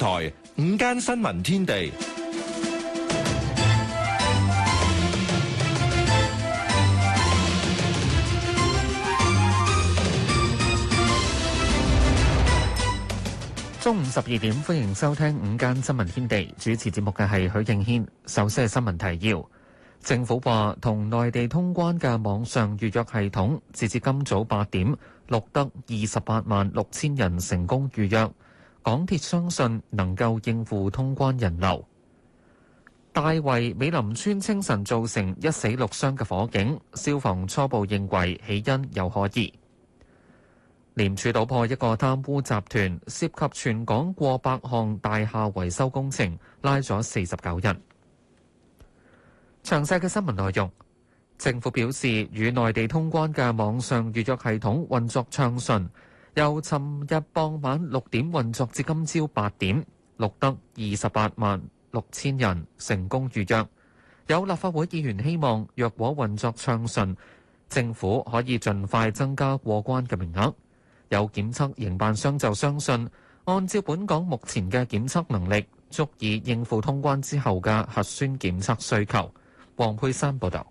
台午間新聞天地，中午十二點，歡迎收聽午間新聞天地。主持節目嘅係許敬軒。首先係新聞提要：政府話同內地通關嘅網上預約系統，截至今早八點，錄得二十八萬六千人成功預約。港鐵相信能夠應付通關人流。大圍美林村清晨造成一死六傷嘅火警，消防初步認為起因有可疑。廉署搗破一個貪污集團，涉及全港過百項大廈維修工程，拉咗四十九人。詳細嘅新聞內容，政府表示與內地通關嘅網上預約系統運作暢順。由尋日傍晚六點運作至今朝八點，錄得二十八萬六千人成功預約。有立法會議員希望，若果運作暢順，政府可以盡快增加過關嘅名額。有檢測營辦商就相信，按照本港目前嘅檢測能力，足以應付通關之後嘅核酸檢測需求。黃佩珊報道。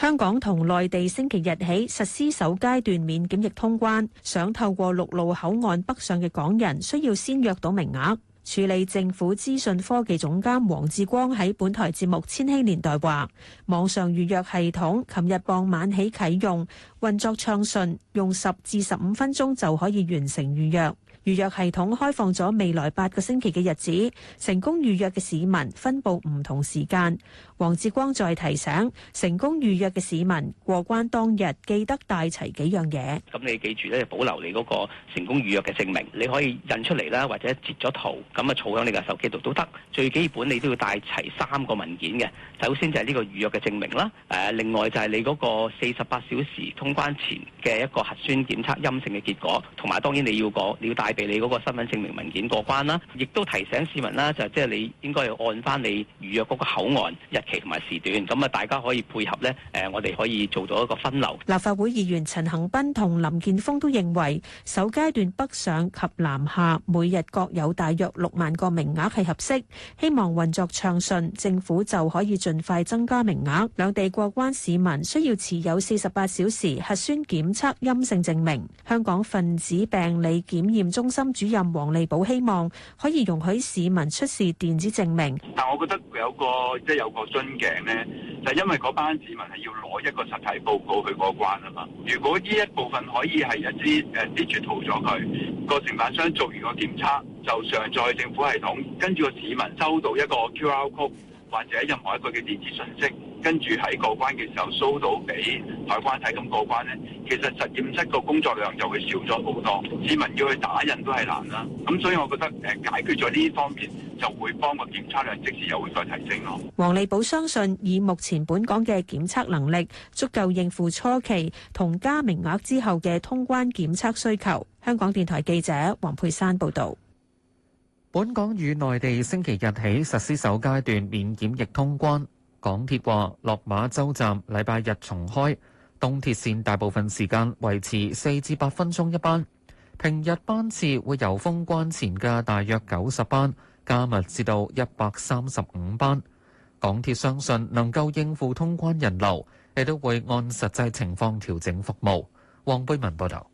香港同內地星期日起實施首階段免檢疫通關，想透過陸路口岸北上嘅港人需要先約到名額。處理政府資訊科技總監黃志光喺本台節目《千禧年代》話，網上預約系統琴日傍晚起啟用，運作暢順，用十至十五分鐘就可以完成預約。預約系統開放咗未來八個星期嘅日子，成功預約嘅市民分佈唔同時間。黃志光再提醒，成功預約嘅市民過關當日記得帶齊幾樣嘢。咁你記住咧，保留你嗰個成功預約嘅證明，你可以印出嚟啦，或者截咗圖。咁啊，儲喺你嘅手機度都得。最基本你都要帶齊三個文件嘅，首先就係呢個預約嘅證明啦。誒，另外就係你嗰個四十八小時通關前嘅一個核酸檢測陰性嘅結果，同埋當然你要你要帶畀你嗰個身份證明文件過關啦。亦都提醒市民啦，就係即係你應該要按翻你預約嗰個口岸日期同埋時段。咁啊，大家可以配合呢，誒，我哋可以做到一個分流。立法會議員陳恒斌同林建峰都認為，首階段北上及南下每日各有大約六萬個名額係合適，希望運作暢順，政府就可以盡快增加名額。兩地過關市民需要持有四十八小時核酸檢測陰性證明。香港分子病理檢驗中心主任黃利寶希望可以容許市民出示電子證明。但我覺得有個即係有個樽頸呢，就因為嗰班市民係要攞一個實體報告去過關啊嘛。如果呢一部分可以係一啲誒支住涂咗佢個承辦商做完個檢測。就上載政府系統，跟住個市民收到一個 QR code 或者任何一個嘅電子信息，跟住喺過關嘅時候掃到俾海關睇，咁過關呢。其實，實驗室個工作量就會少咗好多，市民要去打印都係難啦。咁所以，我覺得誒解決咗呢方面，就會幫個檢測量，即時又會再提升咯。王利寶相信以目前本港嘅檢測能力，足夠應付初期同加名額之後嘅通關檢測需求。香港電台記者黃佩珊報道。本港與內地星期日起實施首階段免檢疫通關，港鐵話落馬洲站禮拜日重開，東鐵線大部分時間維持四至八分鐘一班，平日班次會由封關前嘅大約九十班加密至到一百三十五班。港鐵相信能夠應付通關人流，亦都會按實際情況調整服務。黃貝文報道。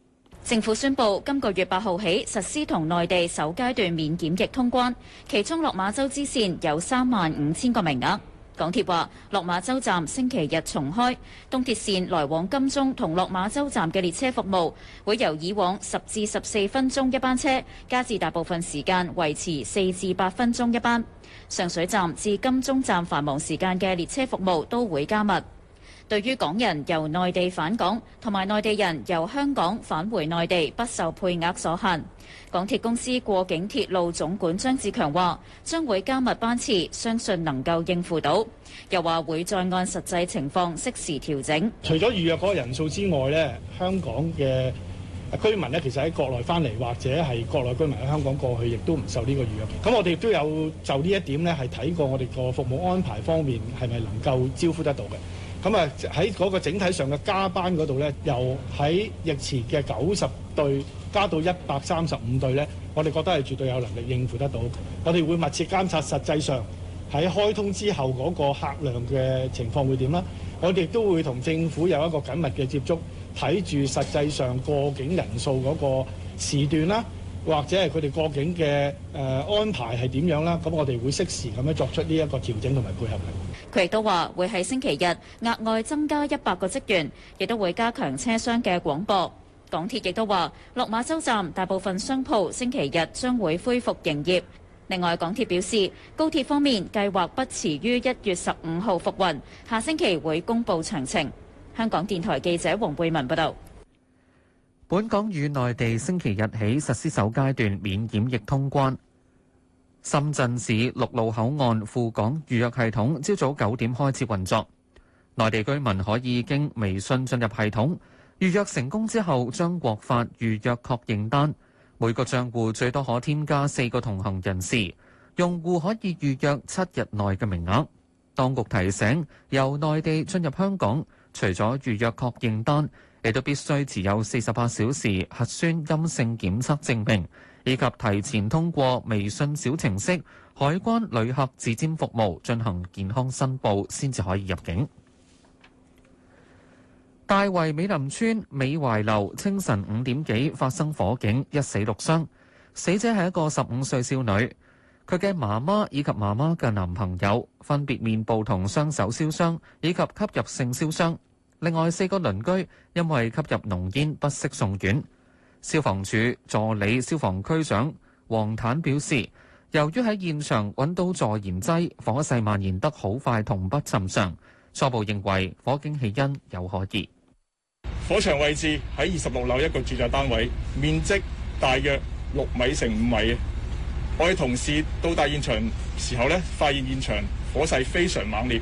政府宣布今個月八號起實施同內地首階段免檢疫通關，其中落馬洲支線有三萬五千個名額。港鐵話，落馬洲站星期日重開，東鐵線來往金鐘同落馬洲站嘅列車服務會由以往十至十四分鐘一班車，加至大部分時間維持四至八分鐘一班。上水站至金鐘站繁忙時間嘅列車服務都會加密。對於港人由內地返港同埋內地人由香港返回內地不受配額所限，港鐵公司過境鐵路總管張志強話，將會加密班次，相信能夠應付到。又話會再按實際情況適時調整。除咗預約嗰個人數之外呢，香港嘅居民呢，其實喺國內翻嚟或者係國內居民喺香港過去，亦都唔受呢個預約。咁我哋亦都有就呢一點呢，係睇過我哋個服務安排方面係咪能夠招呼得到嘅。咁啊，喺嗰個整體上嘅加班嗰度咧，由喺疫前嘅九十對加到一百三十五對咧，我哋覺得係絕對有能力應付得到。我哋會密切監察實際上喺開通之後嗰個客量嘅情況會點啦。我哋都會同政府有一個緊密嘅接觸，睇住實際上過境人數嗰個時段啦，或者係佢哋過境嘅、誒、呃、安排係點樣啦。咁我哋會適時咁樣作出呢一個調整同埋配合嘅。佢亦都話會喺星期日額外增加一百個職員，亦都會加強車廂嘅廣播。港鐵亦都話落馬洲站大部分商鋪星期日將會恢復營業。另外，港鐵表示高鐵方面計劃不遲於一月十五號復運，下星期會公布詳情。香港電台記者黃慧文報道。本港與內地星期日起實施首階段免檢疫通關。深圳市陸路口岸赴港預約系統，朝早九點開始運作。內地居民可以經微信進入系統預約成功之後，將獲發預約確認單。每個賬戶最多可添加四個同行人士。用戶可以預約七日內嘅名額。當局提醒，由內地進入香港，除咗預約確認單，亦都必須持有四十八小時核酸陰性檢測證明。以及提前通過微信小程式、海關旅客指尖服務進行健康申報，先至可以入境。大圍美林村美懷樓清晨五點幾發生火警，一死六傷。死者係一個十五歲少女，佢嘅媽媽以及媽媽嘅男朋友分別面部同雙手燒傷，以及吸入性燒傷。另外四個鄰居因為吸入濃煙不適送院。消防處助理消防區長黃坦表示，由於喺現場揾到助燃劑，火勢蔓延得好快，同不尋常。初步認為火警起因有可疑。火場位置喺二十六樓一個住宅單位，面積大約六米乘五米。我哋同事到達現場時候呢，發現現場火勢非常猛烈，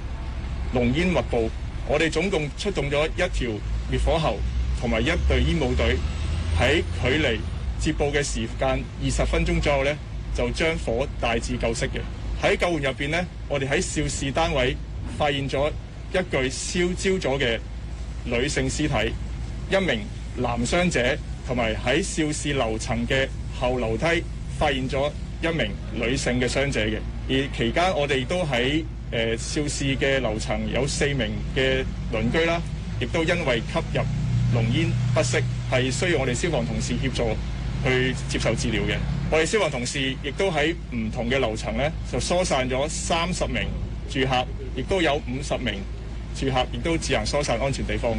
濃煙密佈。我哋總共出動咗一條滅火喉同埋一隊煙霧隊。喺距離接報嘅時間二十分鐘左右呢，就將火大致救熄嘅。喺救援入邊呢，我哋喺肇事單位發現咗一具燒焦咗嘅女性屍體，一名男傷者同埋喺肇事樓層嘅後樓梯發現咗一名女性嘅傷者嘅。而期間我哋都喺誒肇事嘅樓層有四名嘅鄰居啦，亦都因為吸入濃煙不息，係需要我哋消防同事協助去接受治療嘅。我哋消防同事亦都喺唔同嘅樓層呢，就疏散咗三十名住客，亦都有五十名住客，亦都自行疏散安全地方嘅。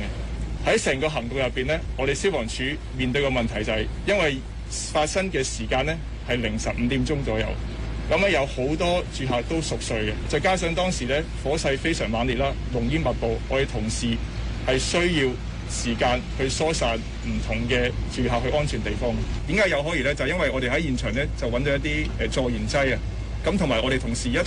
喺成個行動入邊呢，我哋消防處面對嘅問題就係因為發生嘅時間呢係凌晨五點鐘左右，咁啊有好多住客都熟睡嘅，再加上當時呢火勢非常猛烈啦，濃煙密佈，我哋同事係需要。時間去疏散唔同嘅住客去安全地方。點解有可疑呢？就因為我哋喺現場呢，就揾到一啲誒助燃劑啊。咁同埋我哋同事一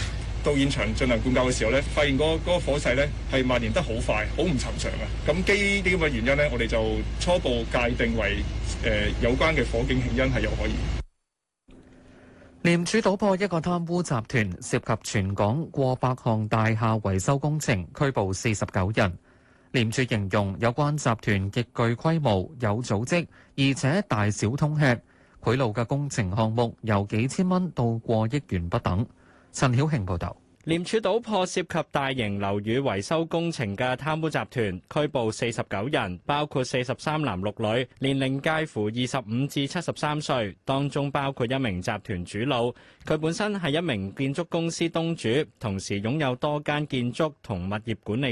到現場進行灌救嘅時候呢，發現嗰嗰個火勢呢係蔓延得好快，好唔尋常啊。咁基於呢啲咁嘅原因呢，我哋就初步界定為誒有關嘅火警起因係有可疑。廉署搗破一個貪污集團，涉及全港過百項大廈維修工程，拘捕四十九人。廉署形容，有關集團，極具規模、有組織，而且大小通吃，賄賂嘅工程項目由幾千蚊到過億元不等。陳曉慶報道，廉署搗破涉及大型樓宇維修工程嘅貪污集團，拘捕49人，包括43男6女，年齡介乎25-73歲，當中包括一名集團主腦。25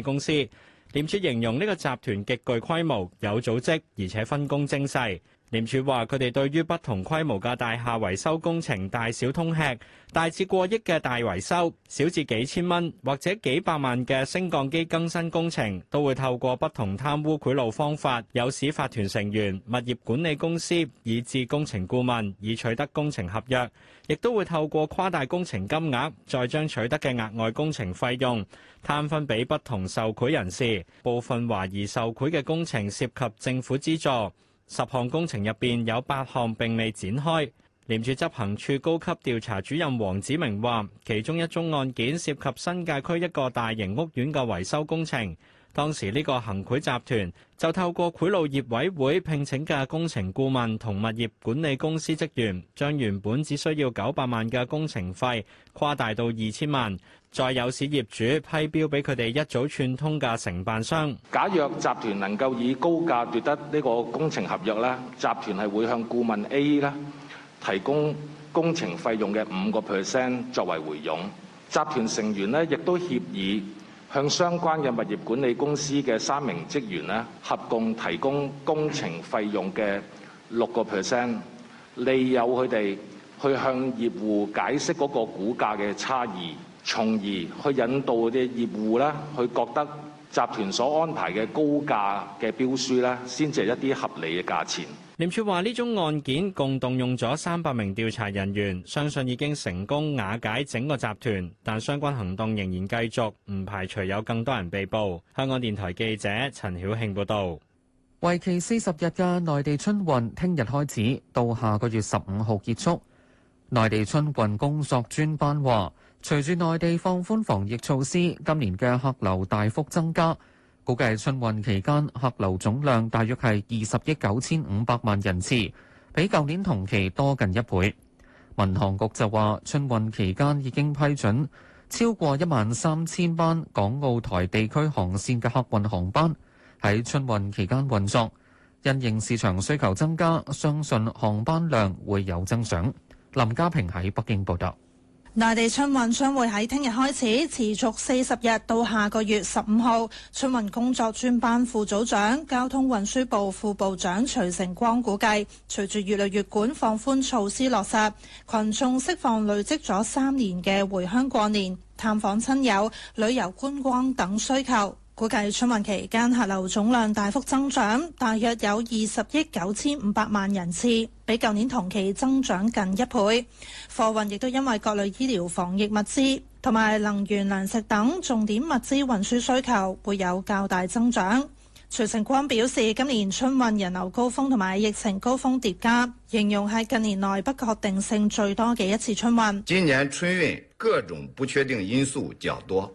73廉署形容呢個集團極具規模、有組織，而且分工精細。廉署話：佢哋對於不同規模嘅大廈維修工程，大小通吃，大至過億嘅大維修，小至幾千蚊或者幾百萬嘅升降機更新工程，都會透過不同貪污賄賂方法，有使法團成員、物業管理公司以至工程顧問以取得工程合約，亦都會透過誇大工程金額，再將取得嘅額外工程費用攤分俾不同受賄人士。部分懷疑受賄嘅工程涉及政府資助。十項工程入面有八項並未展開，廉署執行處高級調查主任黃子明話，其中一宗案件涉及新界區一個大型屋苑嘅維修工程。當時呢個行賄集團就透過賄賂業委會聘請嘅工程顧問同物業管理公司職員，將原本只需要九百萬嘅工程費誇大到二千萬，再有使業主批標俾佢哋一早串通嘅承辦商。假若集團能夠以高價奪得呢個工程合約咧，集團係會向顧問 A 啦提供工程費用嘅五個 percent 作為回傭。集團成員呢亦都協議。向相關嘅物業管理公司嘅三名職員咧，合共提供工程費用嘅六個 percent，利誘佢哋去向業戶解釋嗰個估價嘅差異，從而去引導啲業戶咧，去覺得集團所安排嘅高價嘅標書咧，先至係一啲合理嘅價錢。廉署話：呢宗案件共動用咗三百名調查人員，相信已經成功瓦解整個集團，但相關行動仍然繼續，唔排除有更多人被捕。香港電台記者陳曉慶報導。為期四十日嘅內地春運，聽日開始到下個月十五號結束。內地春運工作專班話：隨住內地放寬防疫措施，今年嘅客流大幅增加。估計春運期間客流總量大約係二十億九千五百萬人次，比舊年同期多近一倍。民航局就話，春運期間已經批准超過一萬三千班港澳台地區航線嘅客運航班喺春運期間運作，因應市場需求增加，相信航班量會有增長。林家平喺北京報道。內地春運將會喺聽日開始，持續四十日到下個月十五號。春運工作專班副組長、交通運輸部副部長徐成光估計，隨住越嚟越管放寬措施落實，群眾釋放累積咗三年嘅回鄉過年、探訪親友、旅遊觀光等需求。估計春運期間客流總量大幅增長，大約有二十億九千五百萬人次，比舊年同期增長近一倍。貨運亦都因為各類醫療防疫物資同埋能源糧食等重點物資運輸需求，會有較大增長。徐成光表示，今年春運人流高峰同埋疫情高峰疊加，形容係近年內不確定性最多嘅一次春運。今年春運各種不確定因素較多。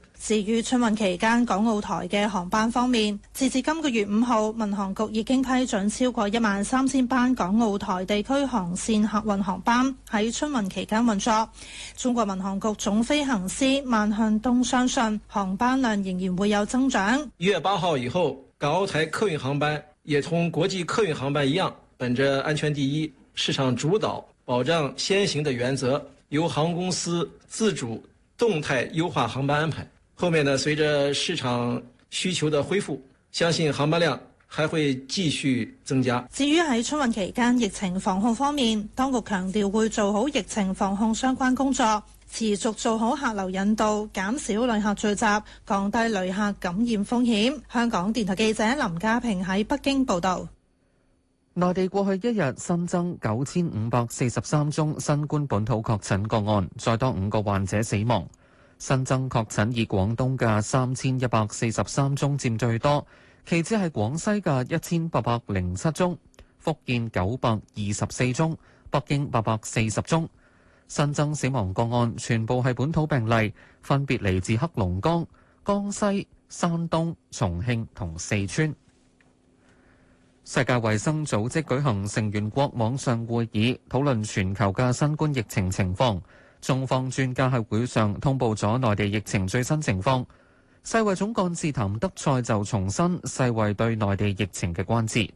至於春運期間港澳台嘅航班方面，截至今個月五號，民航局已經批准超過一萬三千班港澳台地區航線客運航班喺春運期間運作。中國民航局總飛行師萬向東相信航班量仍然會有增長。一月八號以後，港澳台客運航班也同國際客運航班一樣，本着安全第一、市場主導、保障先行的原則，由航空公司自主動態優化航班安排。後面呢，隨着市場需求的恢復，相信航班量還會繼續增加。至於喺春運期間疫情防控方面，當局強調會做好疫情防控相關工作，持續做好客流引導，減少旅客聚集，降低旅客感染風險。香港電台記者林家平喺北京報道。內地過去一日新增九千五百四十三宗新冠本土確診個案，再多五個患者死亡。新增確診以廣東嘅三千一百四十三宗佔最多，其次係廣西嘅一千八百零七宗，福建九百二十四宗，北京八百四十宗。新增死亡個案全部係本土病例，分別嚟自黑龍江、江西、山東、重慶同四川。世界衛生組織舉行成員國網上會議，討論全球嘅新冠疫情情況。中方專家喺會上通報咗內地疫情最新情況。世衛總幹事譚德塞就重申世衛對內地疫情嘅關切。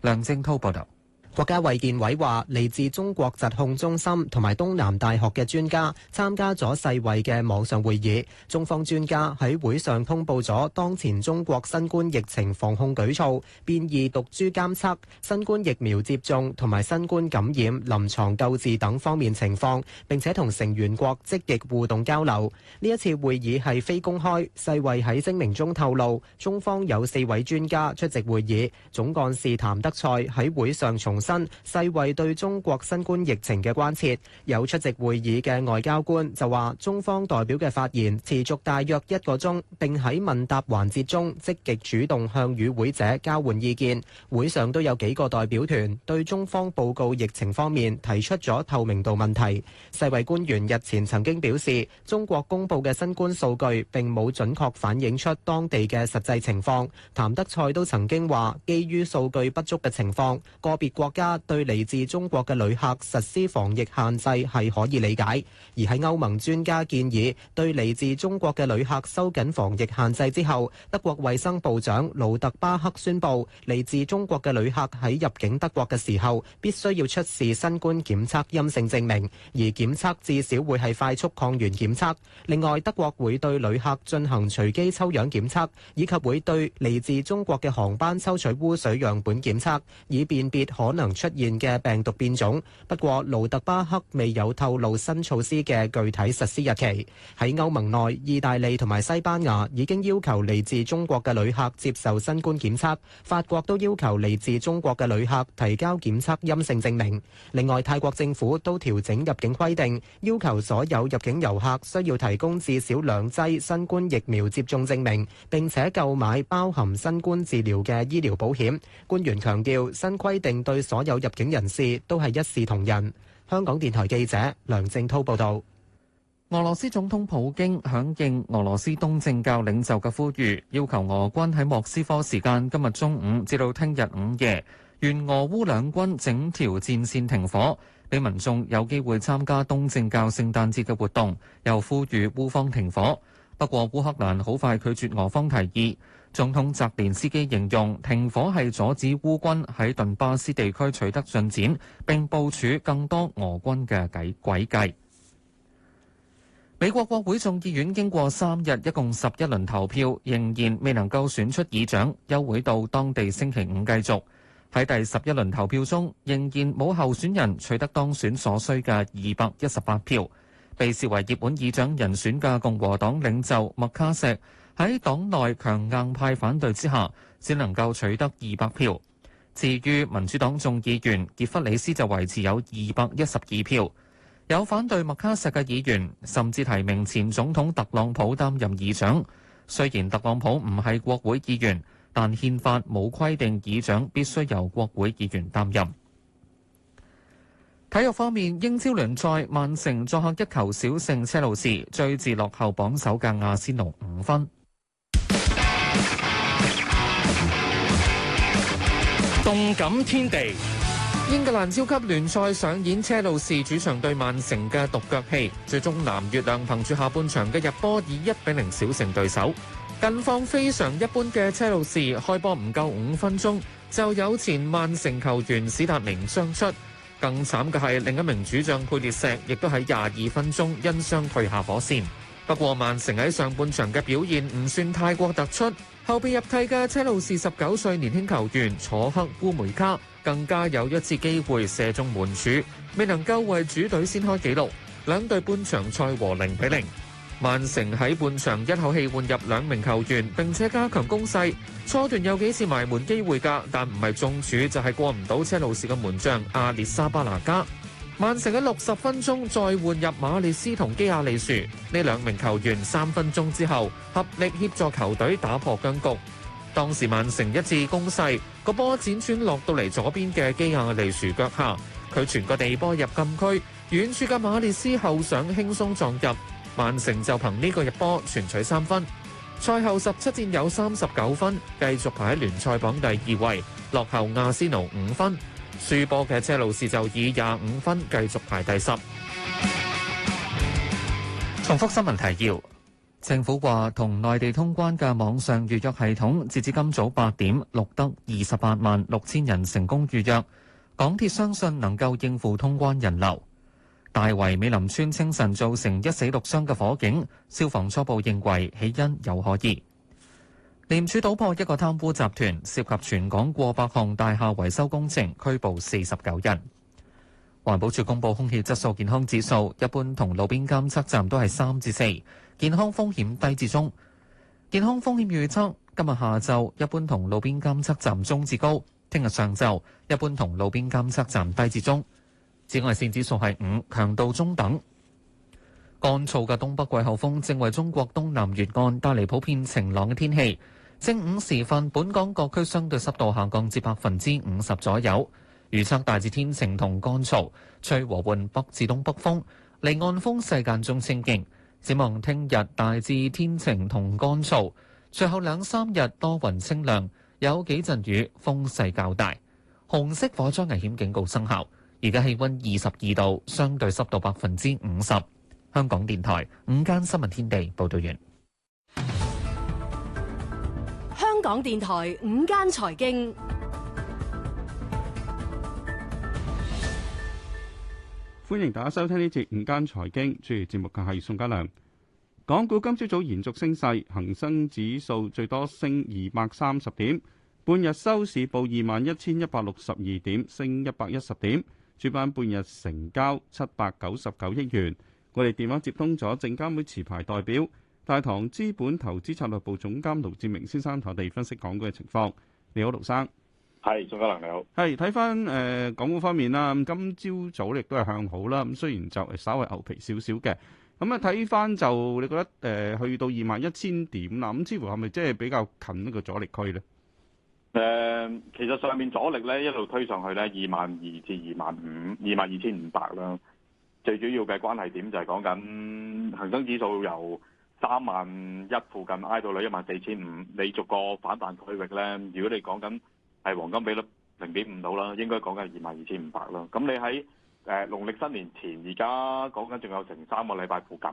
梁正滔報導。國家衛健委話，嚟自中國疾控中心同埋東南大學嘅專家參加咗世衛嘅網上會議。中方專家喺會上通報咗當前中國新冠疫情防控舉措、變異毒株監測、新冠疫苗接種同埋新冠感染臨床救治等方面情況，並且同成員國積極互動交流。呢一次會議係非公開。世衛喺聲明中透露，中方有四位專家出席會議。總幹事譚德塞喺會上重。新世衛對中國新冠疫情嘅關切，有出席會議嘅外交官就話，中方代表嘅發言持續大約一個鐘，並喺問答環節中積極主動向與會者交換意見。會上都有幾個代表團對中方報告疫情方面提出咗透明度問題。世衛官員日前曾經表示，中國公布嘅新冠數據並冇準確反映出當地嘅實際情況。譚德塞都曾經話，基於數據不足嘅情況，個別國。家對嚟自中國嘅旅客實施防疫限制係可以理解，而喺歐盟專家建議對嚟自中國嘅旅客收緊防疫限制之後，德國衛生部長盧特巴克宣布，嚟自中國嘅旅客喺入境德國嘅時候，必須要出示新冠檢測陰性證明，而檢測至少會係快速抗原檢測。另外，德國會對旅客進行隨機抽樣檢測，以及會對嚟自中國嘅航班抽取污水樣本檢測，以辨別可能。能出現嘅病毒變種，不過盧特巴克未有透露新措施嘅具體實施日期。喺歐盟內，意大利同埋西班牙已經要求嚟自中國嘅旅客接受新冠檢測，法國都要求嚟自中國嘅旅客提交檢測陰性證明。另外，泰國政府都調整入境規定，要求所有入境遊客需要提供至少兩劑新冠疫苗接種證明，並且購買包含新冠治療嘅醫療保險。官員強調，新規定對所有入境人士都係一視同仁。香港電台記者梁正濤報道，俄羅斯總統普京響應俄羅斯東正教領袖嘅呼籲，要求俄軍喺莫斯科時間今日中午至到聽日午夜，願俄烏兩軍整條戰線停火，俾民眾有機會參加東正教聖誕節嘅活動，又呼籲烏方停火。不過，烏克蘭好快拒絕俄方提議。總統澤連斯基形容停火係阻止烏軍喺頓巴斯地區取得進展，並部署更多俄軍嘅詭計。美國國會眾議院經過三日，一共十一輪投票，仍然未能夠選出議長，休會到當地星期五繼續。喺第十一輪投票中，仍然冇候選人取得當選所需嘅二百一十八票，被視為熱門議長人選嘅共和黨領袖麥卡錫，喺黨內強硬派反對之下，只能夠取得二百票。至於民主黨眾議員傑弗里斯就維持有二百一十二票。有反對麥卡錫嘅議員甚至提名前總統特朗普擔任議長。雖然特朗普唔係國會議員，但憲法冇規定議長必須由國會議員擔任。體育方面，英超聯賽曼城作客一球小勝車路士，追至落後榜首嘅阿仙奴五分。動感天地，英格蘭超級聯賽上演車路士主場對曼城嘅獨腳戲，最終藍月亮憑住下半場嘅入波以一比零小勝對手。近況非常一般嘅車路士，開波唔夠五分鐘就有前曼城球員史達明傷出，更慘嘅係另一名主將佩列石亦都喺廿二分鐘因傷退下火線。不過曼城喺上半場嘅表現唔算太過突出。後備入替嘅車路士十九歲年輕球員楚克烏梅卡更加有一次機會射中門柱，未能夠為主隊先開紀錄。兩隊半場賽和零比零。曼城喺半場一口氣換入兩名球員，並且加強攻勢。初段有幾次埋門機會噶，但唔係中柱就係、是、過唔到車路士嘅門將阿列沙巴拿加。曼城喺六十分鐘再換入馬列斯同基亞利殊，呢兩名球員三分鐘之後合力協助球隊打破僵局。當時曼城一次攻勢，個波輾轉落到嚟左邊嘅基亞利殊腳下，佢全個地波入禁區，遠處嘅馬列斯後上輕鬆撞入。曼城就憑呢個入波全取三分。賽後十七戰有三十九分，繼續排喺聯賽榜第二位，落後亞斯奴五分。輸波嘅車路士就以廿五分繼續排第十。重複新聞提要：政府話同內地通關嘅網上預約系統，截至今早八點，錄得二十八萬六千人成功預約。港鐵相信能夠應付通關人流。大圍美林村清晨造成一死六傷嘅火警，消防初步認為起因有可疑。廉署搗破一個貪污集團，涉及全港過百項大廈維修工程，拘捕四十九人。環保署公布空氣質素健康指數，一般同路邊監測站都係三至四，健康風險低至中。健康風險預測今日下晝一般同路邊監測站中至高，聽日上晝一般同路邊監測站低至中。紫外線指數係五，強度中等。乾燥嘅東北季候風正為中國東南沿岸帶嚟普遍晴朗嘅天氣。正午時分，本港各區相對濕度下降至百分之五十左右。預測大致天晴同乾燥，吹和緩北至東北風，離岸風勢間中清勁。展望聽日大致天晴同乾燥，最後兩三日多雲清涼，有幾陣雨，風勢較大。紅色火災危險警告生效。而家氣温二十二度，相對濕度百分之五十。香港電台午間新聞天地，報道完。香港電台午間財經，歡迎大家收聽呢節午間財經，主持節目嘅係宋家良。港股今朝早延續升勢，恒生指數最多升二百三十點，半日收市報二萬一千一百六十二點，升一百一十點。主板半日成交七百九十九億元。我哋電話接通咗證監會持牌代表，大唐資本投資策略部總監盧志明先生同我哋分析港股嘅情況。你好，盧生，係。仲加能，你好，係睇翻誒港股方面啦，咁今朝早咧亦都係向好啦，咁雖然就稍為牛皮少少嘅，咁啊睇翻就你覺得誒、呃、去到二萬一千點啦，咁、嗯、似乎係咪即係比較近一個阻力區咧？誒、呃，其實上面阻力咧一路推上去咧，二萬二至二萬五，二萬二千五百啦，最主要嘅關係點就係講緊恒生指數由。三萬一附近挨到你一萬四千五，你逐個反彈區域咧。如果你講緊係黃金比率零點五到啦，應該講緊二萬二千五百啦。咁你喺誒農曆新年前，而家講緊仲有成三個禮拜附近。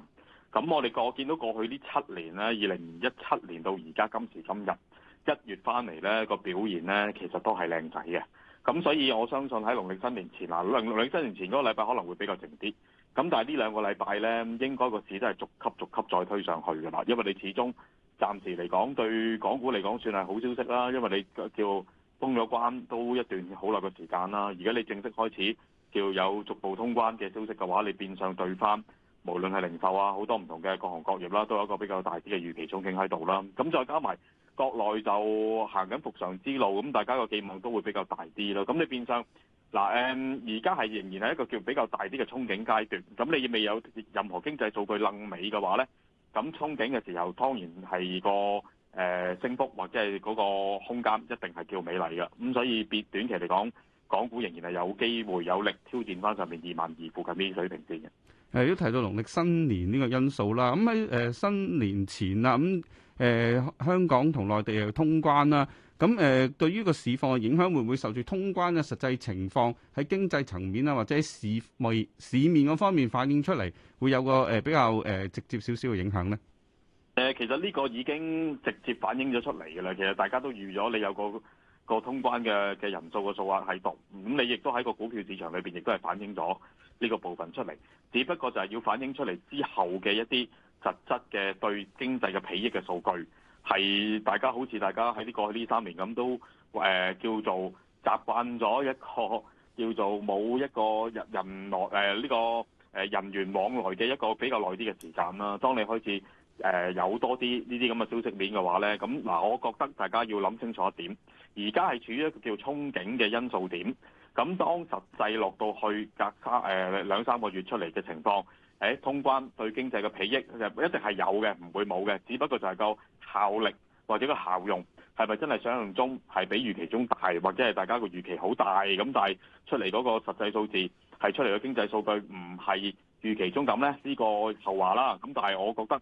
咁我哋過見到過去呢七年咧，二零一七年到而家今時今日一月翻嚟咧個表現咧，其實都係靚仔嘅。咁所以我相信喺農曆新年前嗱，農曆新年前嗰個禮拜可能會比較靜啲。咁但係呢兩個禮拜呢，應該個市都係逐級逐級再推上去㗎啦，因為你始終暫時嚟講對港股嚟講算係好消息啦，因為你叫封咗關都一段好耐嘅時間啦，而家你正式開始叫有逐步通關嘅消息嘅話，你變相對翻無論係零售啊，好多唔同嘅各行各業啦，都有一個比較大啲嘅預期憧憬喺度啦，咁再加埋。國內就行緊復常之路，咁大家個寄望都會比較大啲咯。咁你變相嗱誒而家係仍然係一個叫比較大啲嘅憧憬階段。咁你未有任何經濟數據愣尾嘅話呢，咁憧憬嘅時候當然係個誒、呃、升幅或者係嗰個空間一定係叫美麗嘅。咁所以別短期嚟講，港股仍然係有機會有力挑戰翻上面二萬二附近啲水平線嘅。誒，都提到農曆新年呢個因素啦。咁喺新年前啦，咁。誒、呃、香港同內地嘅通關啦，咁誒、呃、對於個市況嘅影響會唔會受住通關嘅實際情況喺經濟層面啦，或者市市面嗰方面反映出嚟，會有個、呃、比較、呃、直接少少嘅影響呢、呃。其實呢個已經直接反映咗出嚟㗎啦。其實大家都預咗你有個個通關嘅嘅人數嘅數額喺度，咁你亦都喺個股票市場裏邊亦都係反映咗呢個部分出嚟。只不過就係要反映出嚟之後嘅一啲。實質嘅對經濟嘅裨益嘅數據，係大家好似大家喺呢過去呢三年咁都誒、呃、叫做習慣咗一個叫做冇一個人人來誒呢、呃這個誒人員往來嘅一個比較耐啲嘅時間啦。當你開始誒、呃、有多啲呢啲咁嘅消息面嘅話咧，咁嗱，我覺得大家要諗清楚一點，而家係處於一個叫憧憬嘅因素點，咁當實際落到去隔三誒、呃、兩三個月出嚟嘅情況。誒、哎、通關對經濟嘅裨益一定係有嘅，唔會冇嘅。只不過就係個效力或者個效用係咪真係想象中係比預期中大，或者係大家個預期好大咁，但係出嚟嗰個實際數字係出嚟嘅經濟數據唔係預期中咁咧？呢、這個後話啦。咁但係我覺得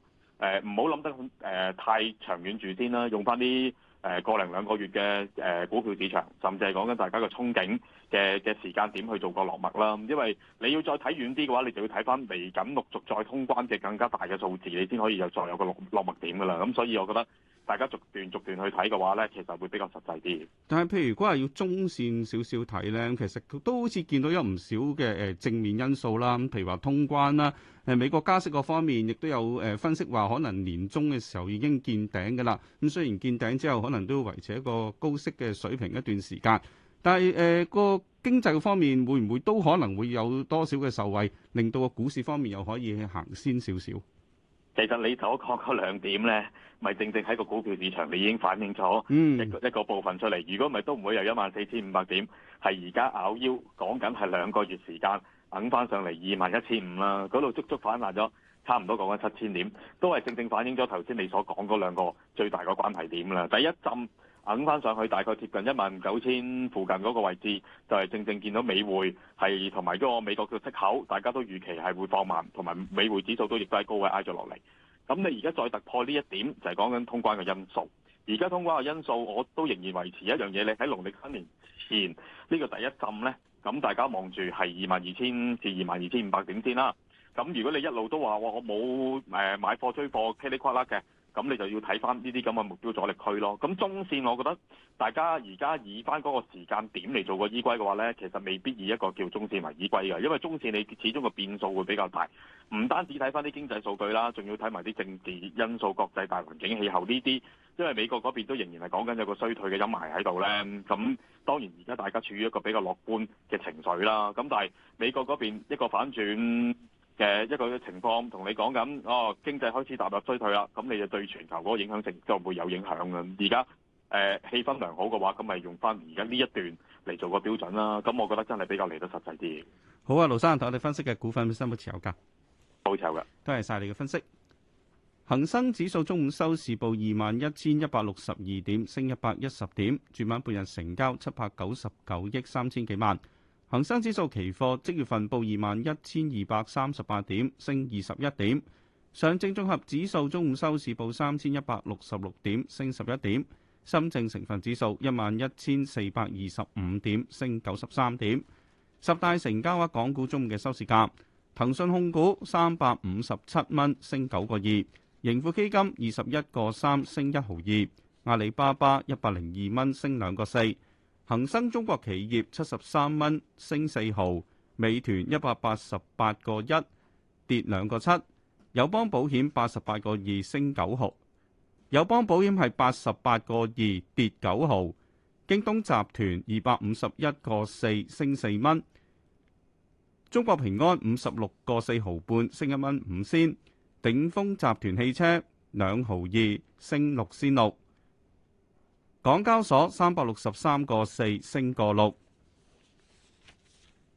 誒唔好諗得、呃、太長遠住先啦、啊，用翻啲。誒過零兩個月嘅誒股票市場，甚至係講緊大家嘅憧憬嘅嘅時間點去做個落墨啦。因為你要再睇遠啲嘅話，你就要睇翻嚟緊陸續再通關嘅更加大嘅數字，你先可以有再有個落落墨點噶啦。咁所以我覺得。大家逐段逐段去睇嘅話呢，其實會比較實際啲。但係，譬如如果係要中線少少睇呢，其實都好似見到有唔少嘅正面因素啦。譬如話通關啦，美國加息個方面亦都有分析話，可能年終嘅時候已經見頂㗎啦。咁雖然見頂之後可能都要維持一個高息嘅水平一段時間，但係個經濟方面會唔會都可能會有多少嘅受惠，令到個股市方面又可以行先少少？其實你所講嗰兩點呢，咪正正喺個股票市場，你已經反映咗一一個部分出嚟。如果咪都唔會有一萬四千五百點，係而家咬腰，講緊係兩個月時間，等翻上嚟二萬一千五啦。嗰度足足反彈咗差唔多講緊七千點，都係正正反映咗頭先你所講嗰兩個最大個關係點啦。第一浸。行翻上去大概貼近一萬九千附近嗰個位置，就係、是、正正見到美匯係同埋嗰個美國嘅息口，大家都預期係會放慢，同埋美匯指數都亦都係高位挨咗落嚟。咁你而家再突破呢一點，就係、是、講緊通關嘅因素。而家通關嘅因素，我都仍然維持一樣嘢，你喺農曆新年前呢、呢個第一浸呢，咁大家望住係二萬二千至二萬二千五百點先啦。咁如果你一路都話我冇買買貨追貨噼里呱啦。嘅。咁你就要睇翻呢啲咁嘅目標阻力區咯。咁中線我覺得大家而家以翻嗰個時間點嚟做個依歸嘅話呢，其實未必以一個叫中線為依歸嘅，因為中線你始終個變數會比較大，唔單止睇翻啲經濟數據啦，仲要睇埋啲政治因素、國際大環境、氣候呢啲。因為美國嗰邊都仍然係講緊有個衰退嘅陰霾喺度呢。咁、嗯、當然而家大家處於一個比較樂觀嘅情緒啦。咁但係美國嗰邊一個反轉。嘅一個情況同你講緊，哦經濟開始踏入衰退啦，咁你就對全球嗰個影響性就唔會有影響啦。而家誒氣氛良好嘅話，咁咪用翻而家呢一段嚟做個標準啦。咁我覺得真係比較嚟得實際啲。好啊，盧生同我哋分析嘅股份身不持有價，唔持有啦。多謝晒你嘅分析。恒生指數中午收市報二萬一千一百六十二點，升一百一十點。主板半日成交七百九十九億三千幾萬。恒生指數期貨即月份報二萬一千二百三十八點，升二十一點。上證綜合指數中午收市報三千一百六十六點，升十一點。深證成分指數一萬一千四百二十五點，升九十三點。十大成交額港股中午嘅收市價：騰訊控股三百五十七蚊，升九個二；盈富基金二十一個三，升一毫二；阿里巴巴一百零二蚊，升兩個四。恒生中國企業七十三蚊，升四毫，美團一百八十八個一，跌兩個七，友邦保險八十八個二，升九毫，友邦保險係八十八個二，跌九毫，京東集團二百五十一個四，升四蚊，中國平安五十六個四毫半，升一蚊五仙，頂峰集團汽車兩毫二，升六仙六。港交所三百六十三個四升個六，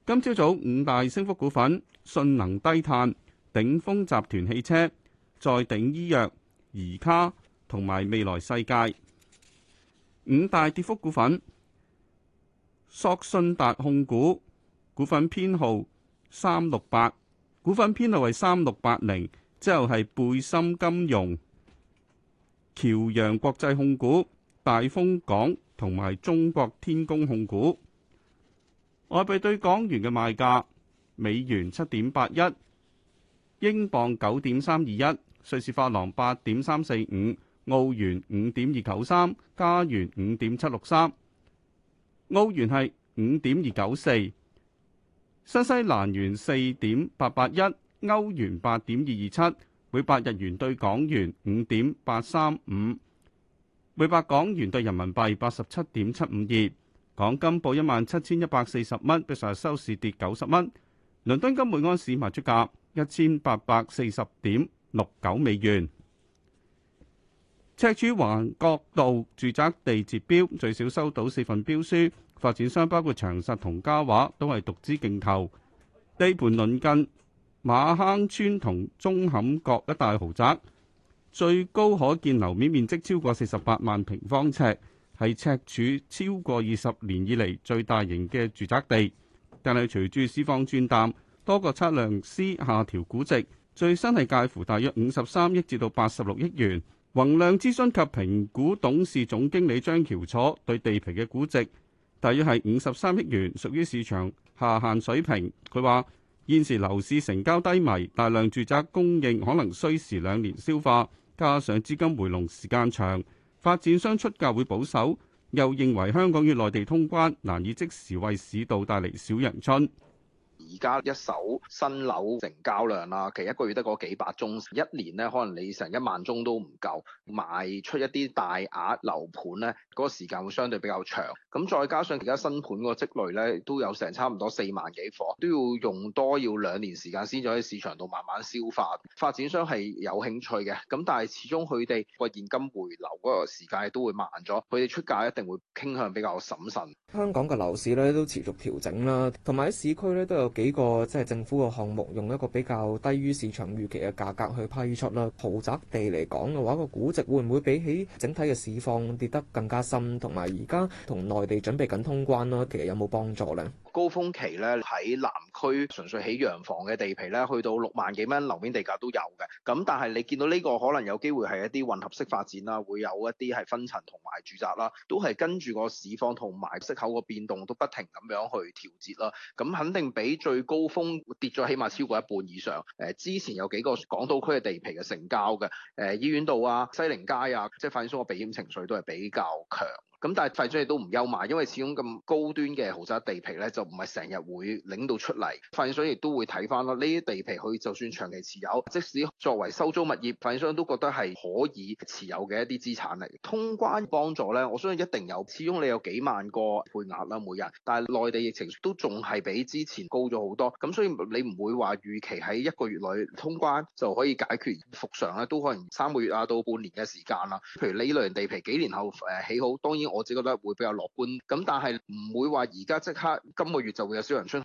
今朝早五大升幅股份：信能低碳、鼎豐集團汽車、再鼎醫藥、宜卡同埋未來世界。五大跌幅股份：索信達控股股份編號三六八，股份編號為三六八零，之後係貝森金融、僑洋國際控股。大豐港同埋中國天工控股外幣對港元嘅賣價：美元七點八一，英鎊九點三二一，瑞士法郎八點三四五，澳元五點二九三，加元五點七六三，澳元係五點二九四，新西蘭元四點八八一，歐元八點二二七，每百日元對港元五點八三五。每百港元兌人民幣八十七點七五二，港金報一萬七千一百四十蚊，比上日收市跌九十蚊。倫敦金每盎司賣出價一千八百四十點六九美元。赤柱環角道住宅地截標，最少收到四份標書，發展商包括長實同嘉華都係獨資競投。地盤鄰近馬坑村同舂坎角一帶豪宅。最高可建樓面面積超過四十八萬平方尺，係赤柱超過二十年以嚟最大型嘅住宅地。但係隨住市況轉淡，多個測量師下調估值，最新係介乎大約五十三億至到八十六億元。宏量諮詢及評估董事總經理張橋楚對地皮嘅估值大約係五十三億元，屬於市場下限水平。佢話。現時樓市成交低迷，大量住宅供應可能需時兩年消化，加上資金回籠時間長，發展商出價會保守，又認為香港與內地通關，難以即時為市道帶嚟小陽春。而家一手新樓成交量啦，其實一個月得嗰幾百宗，一年咧可能你成一萬宗都唔夠，賣出一啲大額樓盤咧，嗰個時間會相對比較長。咁再加上而家新盤個積累咧，都有成差唔多四萬幾伙，都要用多要兩年時間先至喺市場度慢慢消化。發展商係有興趣嘅，咁但係始終佢哋個現金回流嗰個時間都會慢咗，佢哋出價一定會傾向比較審慎。香港嘅樓市咧都持續調整啦，同埋喺市區咧都有。幾個即係政府嘅項目，用一個比較低於市場預期嘅價格去批出啦。豪宅地嚟講嘅話，個估值會唔會比起整體嘅市況跌得更加深？同埋而家同內地準備緊通關啦，其實有冇幫助呢？高峰期咧喺南區純粹起洋房嘅地皮咧，去到六萬幾蚊樓面地價都有嘅。咁但係你見到呢個可能有機會係一啲混合式發展啦，會有一啲係分層同埋住宅啦，都係跟住個市況同埋息口個變動都不停咁樣去調節啦。咁肯定比最高峰跌咗起碼超過一半以上。誒之前有幾個港島區嘅地皮嘅成交嘅，誒醫院道啊、西寧街啊，即係反映咗個避險情緒都係比較強。咁但係發展商亦都唔憂賣，因為始終咁高端嘅豪宅地皮咧，就唔係成日會領到出嚟。發展商亦都會睇翻囉，呢啲地皮佢就算長期持有，即使作為收租物業，發展商都覺得係可以持有嘅一啲資產嚟。通關幫助咧，我相信一定有，始終你有幾萬個配額啦，每日。但係內地疫情都仲係比之前高咗好多，咁所以你唔會話預期喺一個月內通關就可以解決復常咧，都可能三個月啊到半年嘅時間啦。譬如你類型地皮幾年後起好，當然。我自己覺得會比較樂觀，咁但係唔會話而家即刻今個月就會有少人出。